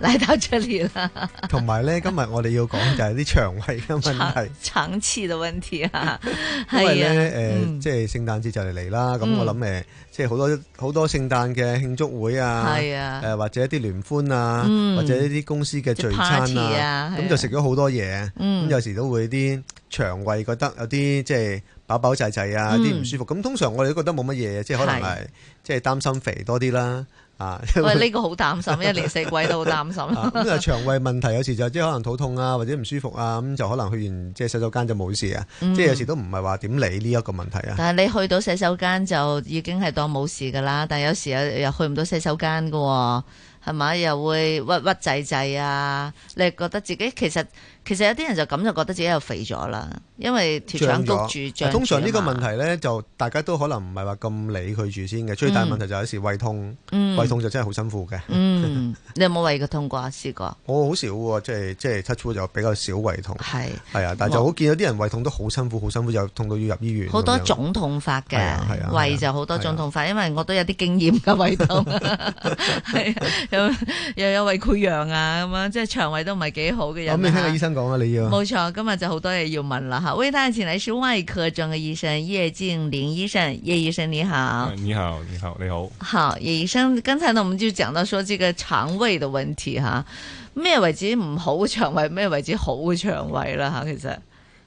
嚟到這裡啦，同埋咧，今日我哋要講就係啲腸胃嘅問題，腸次嘅問題啊，係咧，誒，即係聖誕節就嚟嚟啦，咁我諗誒，即係好多好多聖誕嘅慶祝會啊，係啊，誒或者一啲聯歡啊，或者一啲公司嘅聚餐啊，咁就食咗好多嘢，咁有時都會啲腸胃覺得有啲即係飽飽滯滯啊，有啲唔舒服，咁通常我哋都覺得冇乜嘢，即係可能係即係擔心肥多啲啦。啊！喂，呢會個好擔心， 一年四季都好擔心。咁啊，腸胃問題有時就即係可能肚痛啊，或者唔舒服啊，咁就可能去完即係洗手間就冇事啊，即係有時都唔係話點理呢一個問題啊。但係你去到洗手間就已經係當冇事噶啦，但係有時又又去唔到洗手間噶，係咪？又會屈屈滯滯啊，你覺得自己其實。其實有啲人就咁就覺得自己又肥咗啦，因為條腸擱住，通常呢個問題咧就大家都可能唔係話咁理佢住先嘅。最大問題就係有時胃痛，嗯、胃痛就真係好辛苦嘅、嗯。你有冇胃痛過啊？試過、 哦？我好少，即係即係出粗就比較少胃痛。係是啊，但就好見有啲人胃痛都好辛苦，好辛苦，就痛到要入醫院。好多種痛法嘅樣、啊啊、胃就好多種痛法，啊啊啊、因為我都有啲經驗嘅胃痛， 又有胃潰瘍啊咁樣，即係腸胃都唔係幾好嘅人，咁聽下醫生。啊講啊，你要冇錯，今日就好多嘢要問啦吓。為大家請嚟是外科專科嘅醫生，葉勁麟醫生，葉醫生你好，你好。你好，你好，你好。好，葉醫生，剛才呢我們就講到說，這個腸胃的問題吓，咩位置唔好腸胃，咩位置好腸胃啦吓，其實。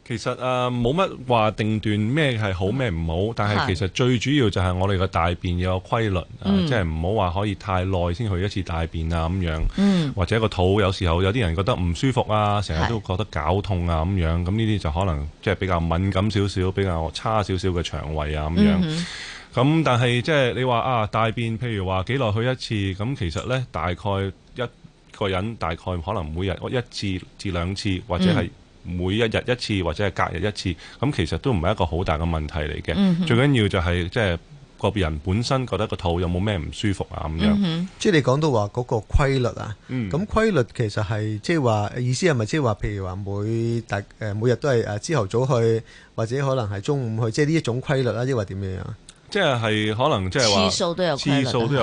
其實誒冇乜話定斷咩係好咩唔好，但係其實最主要就係我哋個大便有個規律的、嗯、啊，即係唔好話可以太耐先去一次大便啊咁樣，嗯、或者個肚有時候有啲人覺得唔舒服啊，成日都覺得絞痛啊咁樣，咁呢啲就可能即係比較敏感少少，比較差少少嘅腸胃啊咁樣。咁、嗯、哼 但係即係你話啊大便譬如話幾耐去一次，咁其實呢，大概一個人大概可能每日一至至兩次或者係。嗯每一日一次或者係隔日一次，咁其實都唔係一個好大嘅問題嚟嘅。最緊要就係即係個別人本身覺得個肚有冇咩唔舒服啊咁樣。即係你講到話嗰個規律啊，咁規律其實係即係話意思係咪即係話，譬如話每每日都係誒朝頭早去，或者可能係中午去，即係呢一種規律啦，抑或點樣？即係可能即係話次數都有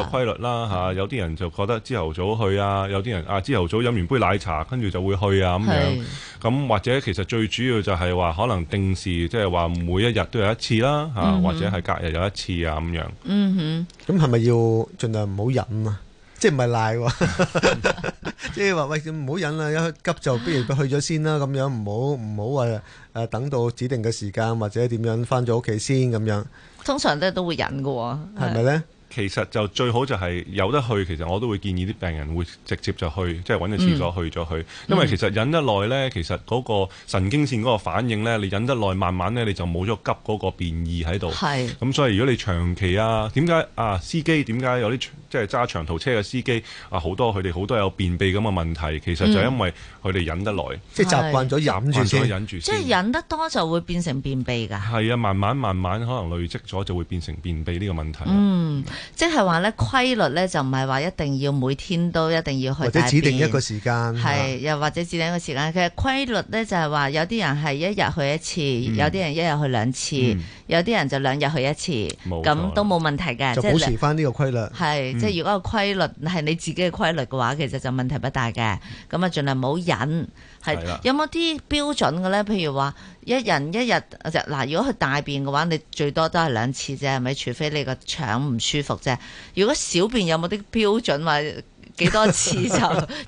規律啦嚇。有啲人就覺得朝頭早去啊，有啲人啊朝頭早飲完杯奶茶，跟住就會去啊咁樣。咁或者其實最主要就係話可能定時即係話每一日都有一次啦、啊、嚇，嗯、哼或者係隔日有一次啊咁樣。嗯哼，咁係咪要盡量唔好忍？啊？即係唔係賴喎？即係話喂，唔好忍啦，一急就不如去咗先啦，咁樣唔好唔好話誒等到指定嘅時間或者點樣翻咗屋企先咁樣。通常咧都會忍嘅喎、哦，係咪咧？其實就最好就係有得去，其實我都會建議啲病人會直接就去，即係揾個廁所去咗去。嗯、因為其實忍得耐呢，其實嗰個神經線嗰個反應呢，你忍得耐，慢慢呢你就冇咗急嗰個便意喺度。咁是、嗯、所以如果你長期啊，點解啊司機點解有啲即係揸長途車嘅司機啊好多佢哋好多有便秘咁嘅問題，其實就因為佢哋忍得耐，即係、嗯、是習慣咗忍住忍住即係忍得多就會變成便秘㗎。係啊，慢慢慢慢可能累積咗就會變成便秘呢個問題。嗯。即係話咧，規律咧就唔係話一定要每天都一定要去，或者指定一個時間係吧？又或者指定一個時間。其實規律咧就係、是、話有啲人係一日去一次，嗯、有啲人一日去兩次，嗯、有啲人就兩日去一次，咁冇錯，都冇問題嘅，即係保持翻呢個規律。係即係如果個規律係你自己嘅規律嘅話，其實就問題不大嘅。咁啊，盡量唔好忍。係有冇啲標準嘅咧？譬如話一人一日嗱，如果佢大便嘅話，你最多都係兩次啫，係咪？除非你個腸唔舒服啫。如果小便有冇啲標準話？幾多次就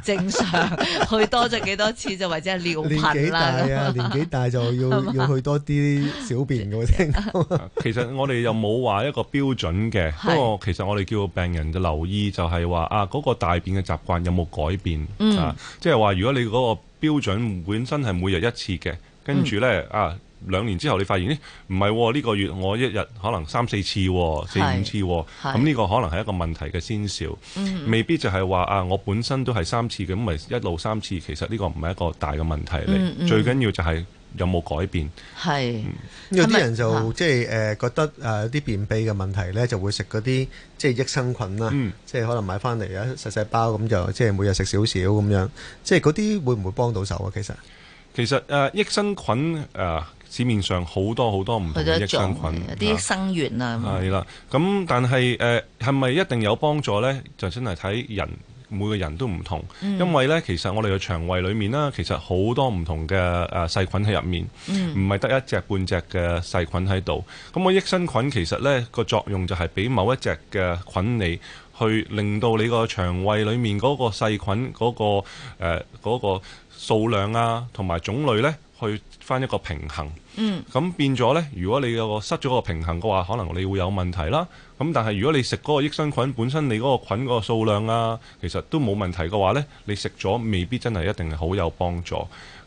正常， 去多咗幾多次就或者係尿頻啦。年紀大啊， 年紀大就要 要去多啲小便咁樣。 其實我哋又冇話一個標準嘅，不過是其實我哋叫病人嘅留意就係話啊，嗰、嗰個大便嘅習慣有冇改變、嗯、啊？即係話如果你嗰個標準本身係每日一次嘅，跟住咧啊。嗯兩年之後你發現咧，唔係呢個月我一日可能三四次、哦、四五次、哦，咁呢個可能係一個問題嘅先兆，嗯、未必就係話啊我本身都係三次嘅，咁咪一路三次，其實呢個唔係一個大嘅問題嚟。嗯嗯、最緊要就係有冇改變。係。有啲人就即係誒覺得誒啲便秘嘅問題呢，就會食嗰啲即係益生菌啦、啊，即係、嗯、可能買翻嚟啊細細包咁就即係每日食少少咁樣，即係嗰啲會唔會幫到手啊？其實其實誒益生菌誒。啊啊市面上好多好多唔同嘅益生菌，啲生源啊，係、嗯、啦。咁但係，誒、呃，係咪一定有幫助咧？就真係睇人每個人都唔同，嗯、因為咧，其實我哋嘅腸胃裏面啦，其實好多唔同嘅誒細菌喺入面，唔係得一隻半隻嘅細菌喺度。咁、那、我、個、益生菌其實咧個作用就係俾某一隻嘅菌你去令到你個腸胃裏面嗰個細菌嗰、那個誒嗰、呃那個數量啊，同埋種類咧。去返一個平衡，咁、嗯、變咗呢。如果你有個失咗個平衡嘅話，可能你會有問題啦。咁但係如果你食嗰個益生菌本身，你嗰個菌個數量啊，其實都冇問題嘅話呢，你食咗未必真係一定係好有幫助。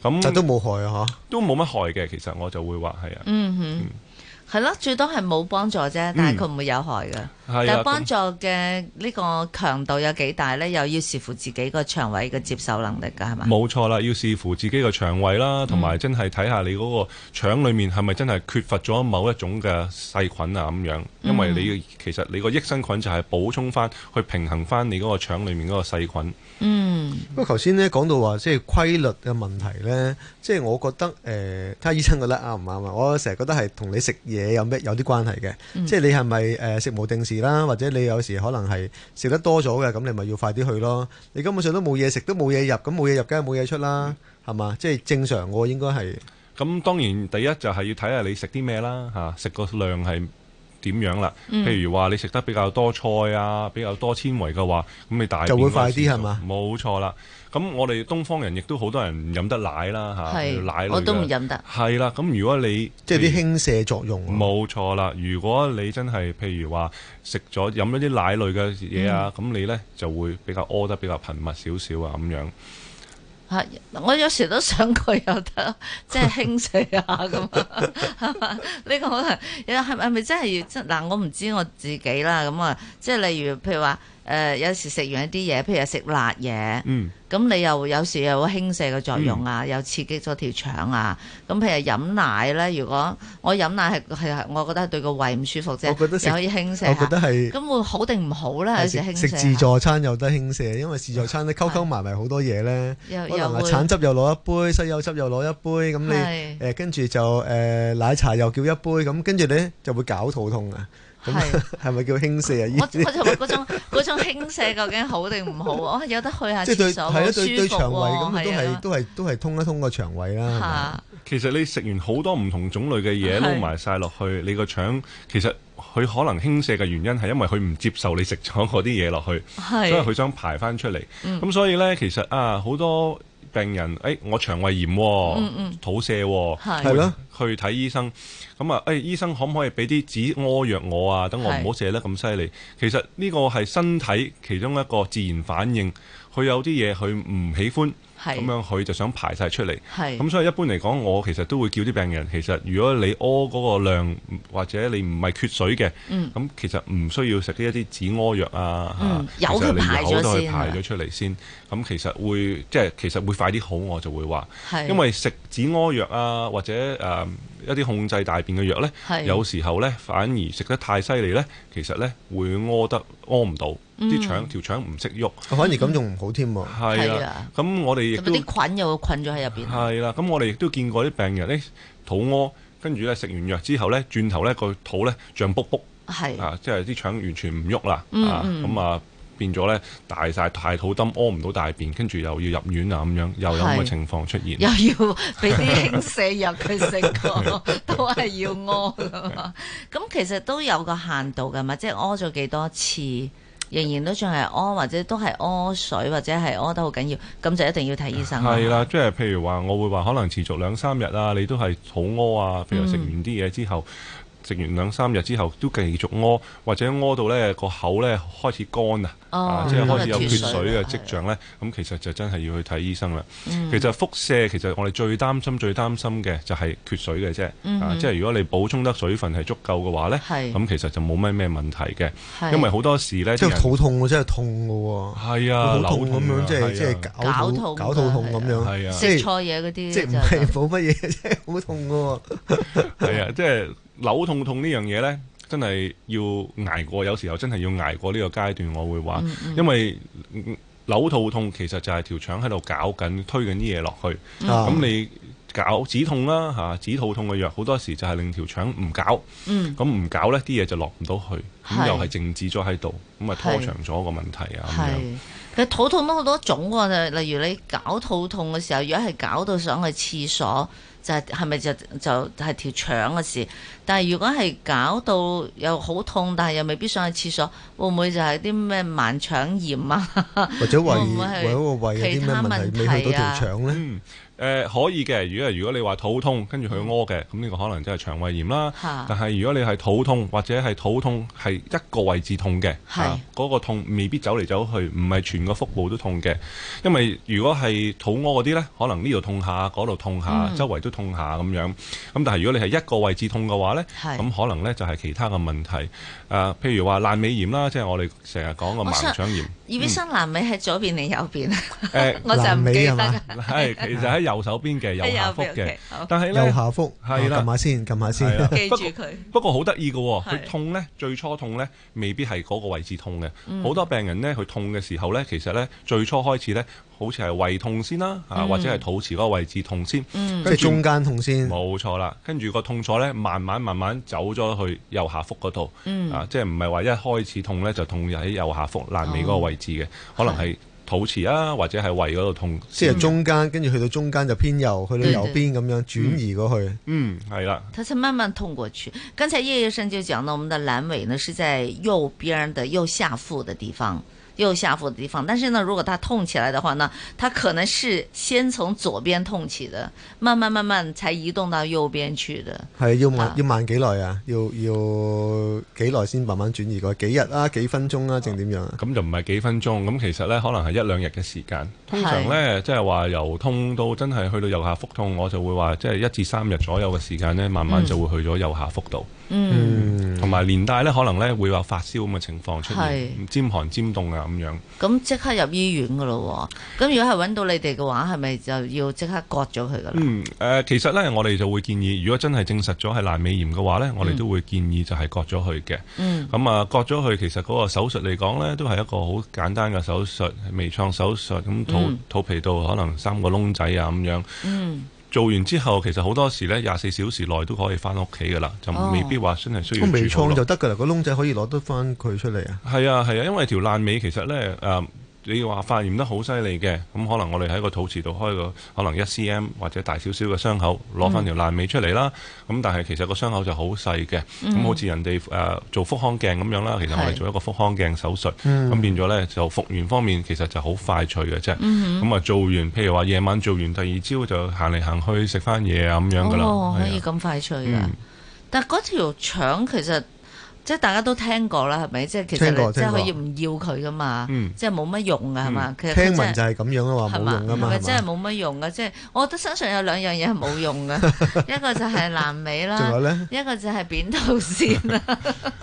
咁但都冇害啊，都冇乜害嘅。其實我就會話係啊。嗯，哼嗯係咯，最多係冇幫助啫，但係佢唔會有害嘅。嗯、但係幫助嘅呢個強度有幾大呢？又要視乎自己個腸胃嘅接受能力噶，係嘛？冇錯啦，要視乎自己個腸胃啦，同埋、嗯、真係睇下你嗰個腸裡面係咪真係缺乏咗某一種嘅細菌啊咁樣。因為你、嗯、其實你個益生菌就係補充翻，去平衡翻你嗰個腸裡面嗰個細菌。嗯。咁頭先呢講到話即係規律嘅問題呢，即、就、係、係、我覺得誒，睇、呃、下醫生覺得啱唔啱啊！我成日覺得係同你食嘢。嘢有咩有啲關係嘅，即係你係咪誒食無定時啦，或者你有時可能係食得多咗嘅，咁你咪要快啲去咯。你根本上都冇嘢食，都冇嘢入，咁冇嘢入梗係冇嘢出啦，係嘛？即係正常喎，應該係、嗯。咁當然第一就係要睇下你食啲咩啦，嚇、啊、食個量係點樣啦？嗯、譬如話你食得比較多菜啊，比較多纖維嘅話，咁你大就會快啲，係嘛？冇錯啦。咁我哋東方人亦都好多人唔飲得奶啦嚇，是奶類我都唔飲得！係啦。咁如果你即係啲輕瀉作用、啊，冇錯啦。如果你真係譬如話食咗飲咗啲奶類嘅嘢啊，咁、嗯、你呢就會比較屙得比較頻密少少啊咁樣。啊、我有時都想佢又得，即係輕食下咁啊，係嘛？ 呢、呢個可能有係咪咪真係要？即嗱，我唔知我自己啦咁啊，即係例如譬如話。誒、呃，有時食完一啲嘢，譬如食辣嘢，咁、嗯、你又有時又有輕瀉嘅作用啊，又刺激咗條腸啊。咁譬如飲奶咧，如果我飲奶係係，我覺得對個胃唔舒服啫，我覺得又可以輕瀉。我覺得係。咁 efficiently, 會好定唔好咧？有時輕瀉。食自助餐又得輕瀉，因為自助餐咧溝溝埋埋好多嘢咧，又能橙汁又攞一杯，西柚汁又攞一杯，咁你誒是、呃呃嗯嗯、跟住就誒奶茶又叫一杯，咁跟住咧就會搞肚痛啊。嗯嗯嗯。係，係咪、嗯、叫輕瀉啊？我 我就嗰種嗰種輕瀉究竟好定唔好啊？ 我有得去下廁所，好對舒服咁、啊、的都係都係都係通一通個腸胃啦。係其實你食完好多唔同種類嘅嘢撈埋晒落去，的你個腸其實佢可能輕瀉嘅原因係因為佢唔接受你食咗嗰啲嘢落去，的所以佢想排翻出嚟。咁、嗯、所以咧，其實啊，好多。病人，誒、哎、我腸胃炎、哦，嗯嗯，吐瀉、哦，係係的去睇醫生。咁、嗯、啊，誒、哎、醫生可唔可以俾啲止屙藥我啊？等我唔好瀉得咁犀利。的其實呢個係身體其中一個自然反應，佢有啲嘢佢唔喜歡。咁樣佢就想排晒出嚟，咁所以一般嚟講，我其實都會叫啲病人，其實如果你屙嗰個量或者你唔係缺水嘅，咁其實唔需要食呢一啲止屙藥啊，嚇，有佢排咗先，排咗出嚟先，咁其實會即係其實會快啲好，我就會話，因為食止屙藥啊或者誒一啲控制大便嘅藥呢，有時候呢反而食得太犀利呢，其實呢會屙得屙唔到，啲腸條腸唔識喐，反而咁仲唔好添喎，係啊，咁我哋。咁啲菌又困咗喺入邊。係啦，咁我哋亦都見過啲病人，咧、哎、肚屙，跟住咧食完藥之後咧，轉頭咧個肚咧脹卜卜，係的啊，即係啲腸完全唔喐啦，嗯嗯啊，咁啊變咗咧大晒太肚墩，屙唔到大便，跟住又要入院啊咁樣，又有咁嘅情況出現，又要俾啲輕瀉藥佢食， 都係要屙啊嘛，咁其實都有個限度噶嘛，即係屙咗幾多次。仍然都仲係屙，或者都係屙水，或者係屙得好緊要，咁就一定要睇醫生。係啦，即係譬如話，我會話可能持續兩三日啊，你都係好屙啊，譬如食完啲嘢之後。嗯食完兩三日之後，都繼續屙，或者屙到咧個口咧開始乾啊，即係開始有缺水嘅跡象咧。咁其實就真係要去睇醫生啦。其實腹瀉其實我哋最擔心、最擔心嘅就係缺水嘅啫。啊，即係如果你補充得水分係足夠嘅話咧，咁其實就冇咩咩問題嘅。因為好多時咧，即係肚痛，真係痛嘅喎。係啊，好痛咁樣，即係即係攪搞肚痛咁樣。係啊，食錯嘢嗰啲，即係冇乜嘢，即係好痛嘅喎。係啊，即係。扭痛痛呢樣嘢呢，真係要捱過，有時候真係要捱過呢個階段。我會話，嗯嗯、因為扭肚痛其實就係條腸喺度搞緊，推緊啲嘢落去。咁、嗯嗯嗯、你搞止痛啦嚇，止肚痛痛嘅藥好多時就係令條腸唔搞。咁唔、嗯、搞呢啲嘢就落唔到去，咁、嗯、又係靜止咗喺度，咁咪拖長咗個問題啊。係是樣，其實肚痛都好多種㗎、啊，例如你搞肚痛嘅時候，如果係搞到想去廁所。就係係咪就就係條腸嘅事？但係如果係搞到又好痛，但係又未必上去廁所，會唔會就係啲咩盲腸炎啊？ 或者胃胃嗰個胃有啲咩問題，未、啊、去到條腸咧？嗯誒、呃、可以嘅，如果如果你話肚痛跟住佢屙嘅，咁、嗯、呢、這個可能即係腸胃炎啦。是但係如果你係肚痛或者係肚痛係一個位置痛嘅，嗰是、啊那個痛未必走嚟走去，唔係全個腹部都痛嘅。因為如果係肚屙嗰啲呢，可能呢度痛下，嗰度痛下，嗯、周圍都痛下咁樣。咁、嗯、但係如果你係一個位置痛嘅話呢，咁是、嗯、可能呢就係其他嘅問題。誒、呃，譬如話爛尾炎啦，即係我哋成日講嘅盲腸炎。耳鼻生爛尾係左邊定右邊、嗯欸、 我就唔記得 其實喺右手邊嘅右下腹嘅，但係右下腹係啦，撳下先，撳下先。記住佢。不過好得意嘅，佢痛咧，最初痛咧，未必係嗰個位置痛嘅。好多病人咧，佢痛嘅時候咧，其實咧最初開始咧，好似係胃痛先啦，或者係肚臍嗰個位置痛先。跟住中間痛先。冇錯啦，跟住個痛楚咧，慢慢慢慢走咗去右下腹嗰度。啊，即係唔係話一開始痛咧就痛喺右下腹闌尾嗰個位置嘅，可能係。肚臍啊，或者係胃嗰度痛，即係中間，跟住、嗯、去到中間就偏右，嗯、去到右邊咁樣轉移過去。對對對，嗯，係啦，嗯，佢是慢慢痛過去。剛才葉醫生就講到，我們的闌尾呢，是在右邊的右下腹的地方。右下腹的地方，但是呢，如果他痛起來的話呢，他可能是先從左邊痛起的，慢慢慢慢才移動到右邊去的。係要慢要慢幾耐啊？要要幾耐先慢慢轉移過？幾日啊？幾分鐘啊？正點樣啊？咁就唔係幾分鐘，咁其實呢，可能係一兩日嘅時間。通常呢，即係話由痛到真係去到右下腹痛，我就會話即係一至三日左右嘅時間呢，慢慢就會去咗右下腹度。嗯。嗯。同埋連帶咧，可能咧會有發燒咁嘅情況出現，是尖寒尖凍啊咁樣。咁即刻入醫院噶咯喎！咁如果係揾到你哋嘅話，係咪就要即刻割咗佢噶啦？嗯，誒、呃，其實咧，我哋就會建議，如果真係證實咗係闌尾炎嘅話咧，嗯、我哋都會建議就係割咗佢嘅。嗯。咁啊，割咗佢，其實嗰個手術嚟講咧，都係一個好簡單嘅手術，微創手術，咁肚肚皮度可能三個窿仔啊咁樣。嗯。做完之後，其實好多時咧，廿四小時內都可以翻屋企㗎啦，哦、就未必話真係需要住。微創就得㗎啦，個窿仔可以攞得翻佢出嚟啊。係啊係啊，因為條爛尾其實咧誒，呃你要話發炎得好犀利嘅，咁可能我哋喺個肚臍度開個可能一 cm 或者大少少嘅傷口，攞翻條爛尾出嚟啦。咁、嗯、但係其實個傷口就、嗯、好細嘅，咁好似人哋誒做腹腔鏡咁樣啦。其實我哋做一個腹腔鏡手術，咁、嗯、變咗呢，就復原方面其實就好快脆嘅啫。咁啊、嗯、哼做完，譬如話夜晚做完，第二朝就行嚟行去食翻嘢啊咁樣噶啦、哦，可以咁快脆嘅、啊。嗯、但係嗰條腸其實。即係大家都聽過啦，係咪？即係其實即係可以唔要佢噶嘛，即係冇乜用噶係嘛？聽聞就係咁樣啊嘛，冇用噶嘛，係咪真係冇乜用噶？即係我覺得身上有兩樣嘢係冇用噶，一個就係爛尾啦，一個就係扁桃腺啦。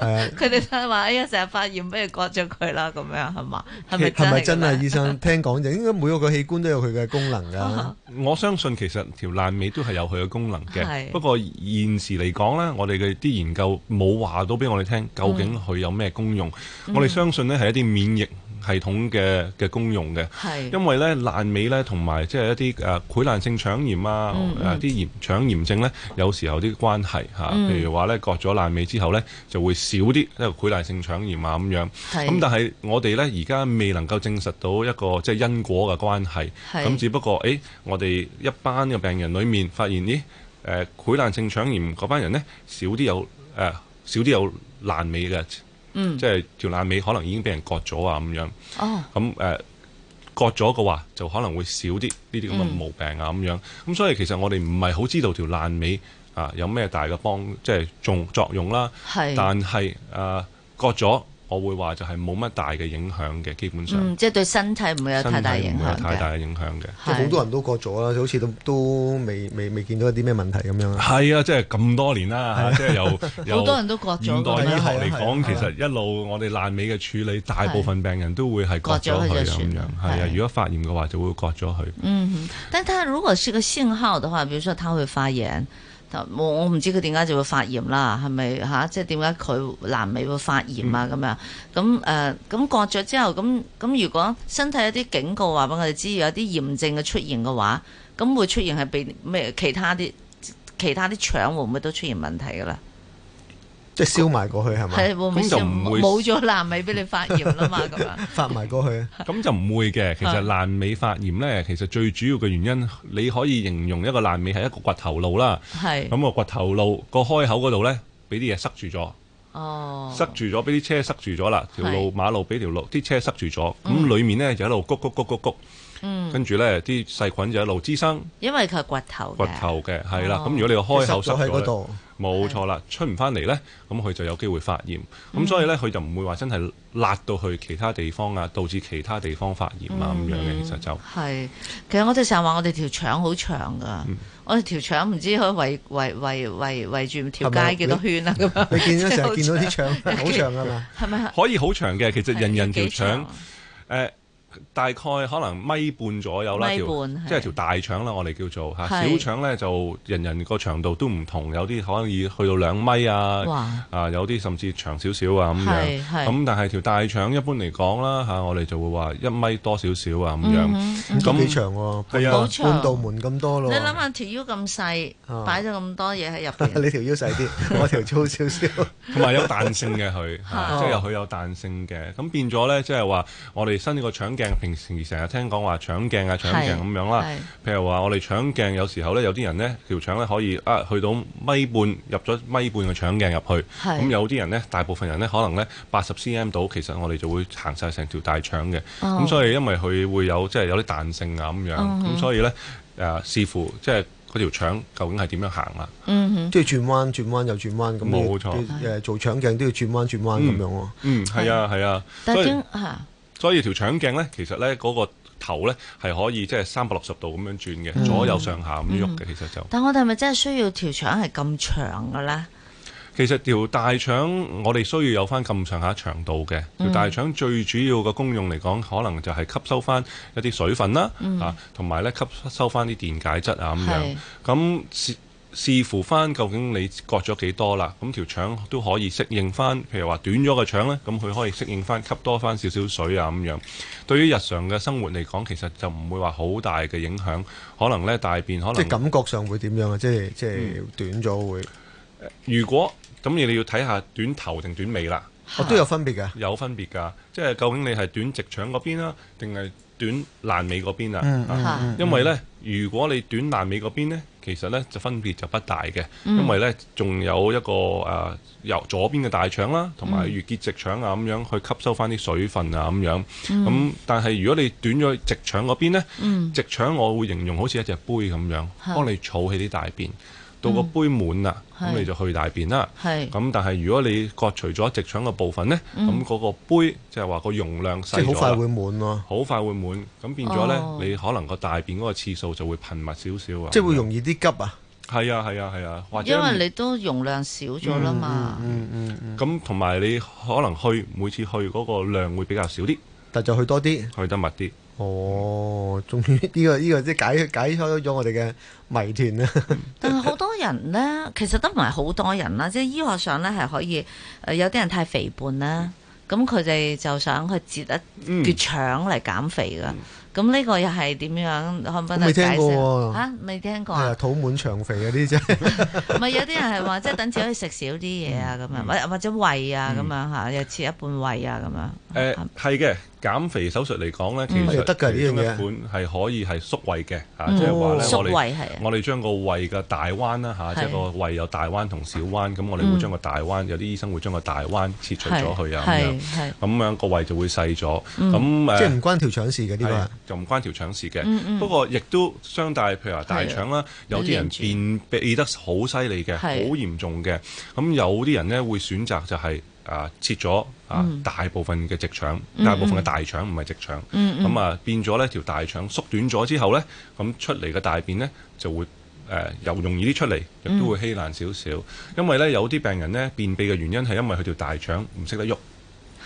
係啊，佢哋都係話哎呀，成日發炎不如割咗佢啦，咁樣係嘛？係咪真係？醫生聽講就，應該每一個器官都有佢嘅功能噶。我相信其實條爛尾都係有佢嘅功能嘅。不過現時嚟講咧，我哋嘅啲研究冇話到俾我哋。聽究竟佢有咩功用？嗯、我哋相信呢係一啲免疫系統嘅嘅功用嘅。是因為呢爛尾呢同埋即係一啲誒、呃、潰爛性腸炎啊，誒啲炎腸炎症呢，有時候啲關係嚇。嗯、譬如話呢割咗爛尾之後呢，就會少啲，因為潰爛性腸炎啊咁樣。咁是、嗯、但係我哋呢而家未能夠證實到一個即係、就是、因果嘅關係，咁是、嗯、只不過誒、欸、我哋一班嘅病人裏面發現呢誒、呃呃、潰爛性腸炎嗰班人呢，少啲有誒少啲有。爛尾嘅，嗯、即係條爛尾可能已經俾人割咗啊，咁、哦、樣。哦、呃，咁誒割咗嘅話，就可能會少啲呢啲咁嘅毛病啊，咁、嗯、樣。咁所以其實我哋唔係好知道條爛尾啊、呃、有咩大嘅幫即係仲作用啦。係，但係誒、呃、割咗。我會話就係冇乜大嘅影響嘅，基本上，嗯、即係對身體唔會有太大影響嘅，太大嘅影響嘅，好是多人都割咗啦，好似都都未未未見到一啲咩問題咁樣。係啊，即係咁多年啦、啊啊啊，即係有好多人都割咗。現代醫學嚟講，啊啊啊、其實一路我哋爛尾嘅處理，大部分病人都會係割咗佢咁樣。係啊，啊，如果發炎嘅話，就會割咗佢。嗯，但係如果係個信號嘅話，比如說，佢會發炎。我我唔知佢點解就會發炎啦，係咪嚇？即係點解佢闌尾會發炎啊？咁樣咁誒，咁、嗯呃、割咗之後，咁咁如果身體有啲警告話俾我哋知，有啲炎症嘅出現嘅話，咁會出現係被咩其他啲其他啲腸會唔會都出現問題噶啦？即係燒埋過去係咪？咁就唔會冇咗爛尾俾你發炎啦嘛，咁樣發埋過去。咁就唔會嘅。其實爛尾發炎咧，其實最主要嘅原因，你可以形容一個爛尾係一個掘頭路啦。係咁個掘頭路個開口嗰度咧，俾啲嘢塞住咗。哦，塞住咗，俾啲車塞住咗啦。條路馬路俾條路啲車塞住咗，咁裡面咧就一路谷谷谷谷谷。跟住咧啲細菌就一路滋生，因為佢係骨頭，骨頭嘅係啦。咁如果你開口塞喺度，冇錯啦，出唔翻嚟咧，咁佢就有機會發炎。咁所以咧，佢就唔會話真係辣到去其他地方啊，導致其他地方發炎啊咁樣嘅。其實就係其實我哋成日話我哋條腸好長噶，我哋條腸唔知可以圍圍圍圍圍住條街幾多圈啊咁。你見咧成日見到啲腸好長噶嘛？係咪可以好長嘅？其實人人條腸誒。大概可能米半左右啦，即係條大腸啦，我哋叫做嚇小腸咧，就人人個長度都唔同，有啲可以去到兩米啊，啊有啲甚至長少少啊咁樣，咁但係條大腸一般嚟講啦嚇，我哋就會話一米多少少啊咁樣，咁幾長喎，半道門咁多咯。你諗下條腰咁細，擺咗咁多嘢喺入邊，你條腰細啲，我條粗少少，同埋有彈性嘅佢，即係佢有彈性嘅，咁變咗咧即係話我哋新呢個腸。鏡，平時成日聽講話腸鏡啊腸鏡咁樣啦，譬如話我哋腸鏡，有時候咧有啲人呢條腸咧可以啊去到米半，入咗米半嘅腸鏡入去。咁有啲人呢，大部分人呢可能呢八十 cm 到，其實我哋就會行晒成條大腸嘅。咁所以因為佢會有即係有啲彈性啊咁樣，咁所以呢，誒視乎即係嗰條腸究竟係點樣行啦，即都要轉彎轉彎又轉彎咁，冇錯，做腸鏡都要轉彎轉彎咁樣咯，嗯，係啊係啊，所以條腸鏡呢，其實呢嗰、嗰個頭呢係可以即係三百六十度咁樣轉嘅，嗯、左右上下咁喐嘅，其實就。嗯、但我哋係咪真係需要條腸係咁長嘅呢？其實條大腸我哋需要有翻咁上下長度嘅。條大腸最主要嘅功用嚟講，可能就係吸收翻一啲水分啦，嗯、啊，同埋呢吸收翻啲電解質啊咁樣。咁是視乎翻究竟你割咗幾多啦，咁條腸都可以適應翻。譬如話短咗個腸呢，咁佢可以適應翻，吸多翻少少水啊，咁樣。對於日常嘅生活嚟講，其實就唔會話好大嘅影響。可能呢，大便可能即係感覺上會點樣啊？即係即係短咗會？如果咁，你你要睇下短頭定短尾啦。我、啊、都有分別嘅，有分別㗎。即係究竟你係短直腸嗰邊啦，定係？短爛尾嗰邊、嗯、啊，因為呢，如果你短爛尾嗰邊呢，其實呢就分別就不大嘅，因為呢仲有一個誒由、呃、左邊嘅大腸啦、啊，同埋乙結直腸啊咁樣去吸收返啲水分啊咁樣，咁、嗯嗯、但係如果你短咗直腸嗰邊呢，嗯、直腸我會形容好似一隻杯咁樣，幫你儲起啲大便。到個杯滿啦，咁、嗯、你就去大便啦。咁是但係如果你割除咗直腸嘅部分咧，咁嗰、嗯、個杯即係話個容量細咗，好快會滿咯。好快會滿，咁、哦、變咗咧，你可能個大便嗰個次數就會頻密少少啊。即係會容易啲急啊。係啊係啊係啊，啊啊啊或者因為你都容量少咗啦嘛。嗯嗯咁同埋你可能去每次去嗰個量會比較少啲。但就去多啲，去得密啲。哦，終於呢個呢個即解解開咗我哋嘅迷團啦。但係好多人咧，其實都唔係好多人啦，即係醫學上咧係可以，誒有啲人太肥胖啦，咁佢哋就想去截一截腸嚟減肥㗎。咁呢個又係點樣？漢斌啊，解釋吓？未聽過啊？肚滿腸肥嗰啲啫。唔係有啲人係話，即係等自己食少啲嘢啊，咁樣，或或者胃啊，咁樣吓，又切一半胃啊，咁樣。誒，係嘅。減肥手術嚟講咧，其實其中一款係可以係縮胃嘅，啊，即係話咧，我哋我哋將個胃嘅大彎啦，嚇，即係個胃有大彎同小彎，咁我哋會將個大彎，有啲醫生會將個大彎切除咗佢啊，咁樣，咁樣個胃就會細咗，咁誒，即係唔關條腸事嘅呢個，就唔關條腸事嘅，不過亦都相帶，譬如話大腸啦，有啲人便秘得好犀利嘅，好嚴重嘅，咁有啲人咧會選擇就係。啊！切咗啊！大部分嘅直腸，嗯、大部分嘅大腸唔係直腸，咁、嗯、啊變咗呢條大腸縮短咗之後呢，咁出嚟嘅大便呢就會誒、呃、又容易啲出嚟，亦都會稀爛少少。因為呢，有啲病人呢，便秘嘅原因係因為佢條大腸唔識得喐，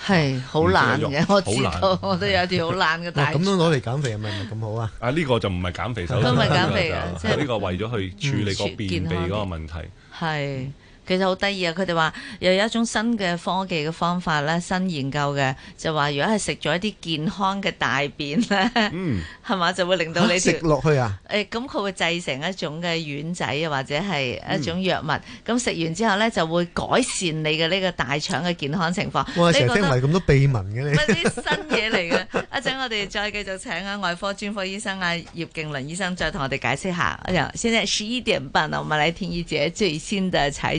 係好懶嘅，我知道難是我都有條好懶嘅大腸。咁樣攞嚟減肥係咪咁好啊？啊、這、呢個就唔係減肥手術，都唔係減肥嘅，即係呢個為咗去處理個便秘嗰個問題。係。其實好得意啊！佢哋話又有一種新嘅科技嘅方法咧，新研究嘅就話如果係食咗一啲健康嘅大便咧，係嘛、嗯、 就會令到你食落去啊！誒、欸，咁佢會製成一種嘅丸仔啊，或者係一種藥物。咁、嗯、食完之後咧，就會改善你嘅呢個大腸嘅健康情況。我成日聽埋咁多秘聞嘅你，啲 新嘢嚟嘅。一陣，我哋再繼續請啊外科專科醫生啊葉勁麟醫生再同我哋解釋下。好，現在十一點半啦，我們來聽一節最新的財